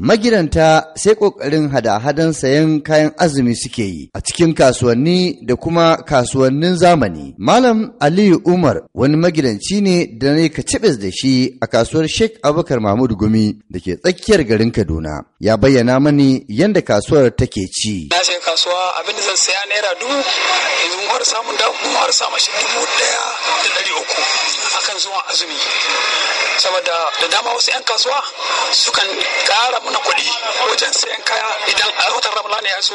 magidanta sai ƙoƙarin hada-hadan sayan kayan azumi suke yi a cikin kasuwanni da kuma kasuwannin zamani. Malam Aliyu Umar wani magidanci ne da na ka da shi a kasuwar Sheikh Abubakar Mahmud Gumi da ke tsakiyar garin Kaduna. Ya bayyana mani yadda kasuwar take ci. Na kasuwa abin da zan naira dubu yanzu har da samun shi dubu ɗaya da ɗari uku akan zuwa azumi. Saboda da dama wasu 'yan kasuwa sukan ƙara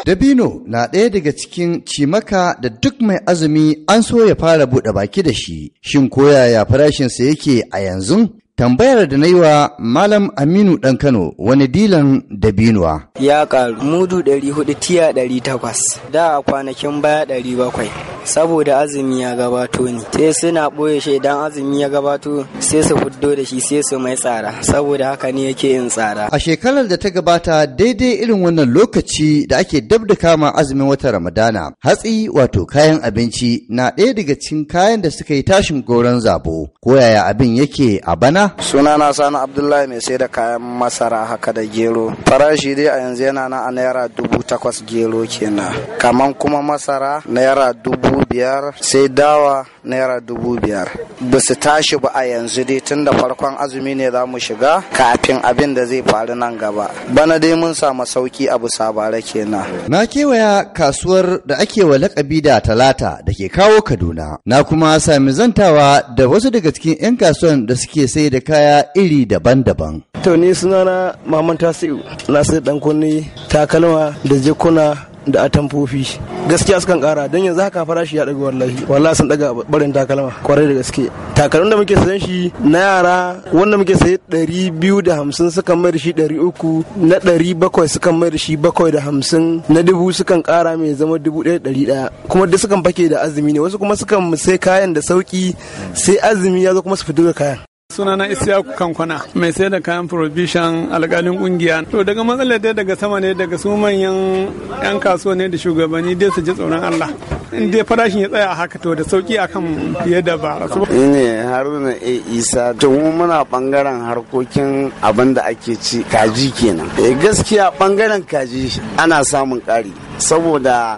Dabino na ɗaya daga cikin cimaka da duk mai azumi an so ya fara buɗe baki da shi. Shin koyaya farashinsa yake a yanzu? Tambayar da na yi wa Malam Aminu ɗan Kano wani dilan dabinuwa. Ya ƙaru mudu ɗari hudu tiya ɗari takwas, da a kwanakin baya ɗari bakwai. saboda azumi ya gabato ne sai suna ɓoye shi idan azumi ya gabato sai su fuddo da shi sai su mai tsara saboda haka ne yake yin tsara a shekarar da ta gabata daidai irin wannan lokaci da ake dab da kama azumin watan ramadana hatsi wato kayan abinci na ɗaya daga cikin kayan da suka yi tashin goron zabo ko yaya abin yake a bana sunana sani abdullahi mai sai da kayan masara haka da gero farashi dai a yanzu yana na a naira dubu takwas gero kenan kaman kuma masara naira dubu dubu biyar sai dawa naira dubu biyar ba su tashi ba a yanzu dai tun da farkon azumi ne za mu shiga kafin abin da zai faru nan gaba bana dai mun samu sauki a bisa bara kenan na kewaya kasuwar da ake wa lakabi da talata da ke kawo kaduna na kuma sami zantawa da wasu daga cikin 'yan kasuwan da suke sai da kaya iri daban-daban to sunana maman tasiu na sai dan kunni takalma da jikuna da atamfofi gaskiya sukan kara don yanzu haka farashi ya daga wallahi wallahi sun daga barin takalma kwarai da gaske takalmin da muke sayan shi na yara wanda muke saye ɗari biyu da hamsin sukan mai da shi ɗari uku na ɗari bakwai sukan mai da shi bakwai da hamsin na dubu sukan kara mai zama dubu ɗaya ɗari ɗaya kuma duk sukan fake da azumi ne wasu kuma sukan sai kayan da sauki sai azumi ya zo kuma su fito da kayan sunana isyaku kankwana mai sai da kayan provision alkalin kungiya to daga matsalar dai daga sama ne daga su manyan yan kasuwa ne da shugabanni dai su ji tsoron Allah in dai farashin ya tsaya a haka to da sauki akan fiye da ba. ni ne haruna a isa to mu muna bangaren harkokin abin da ake ci kaji kenan eh, gaskiya bangaren kaji ana samun kari saboda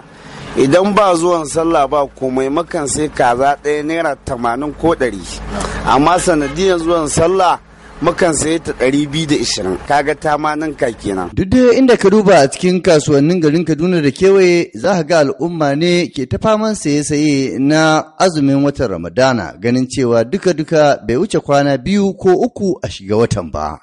idan ba zuwan sallah ba komai makan sai kaza ɗaya naira tamanin ko ɗari amma sanadiyar zuwan sallah makan sai ta 220 kaga ta ma nan ka kenan duk da inda ka duba a cikin kasuwannin garin Kaduna da kewaye za ka ga al'umma ne ke ta faman saye-saye na azumin watan Ramadana ganin cewa duka-duka bai wuce kwana biyu ko uku a shiga watan ba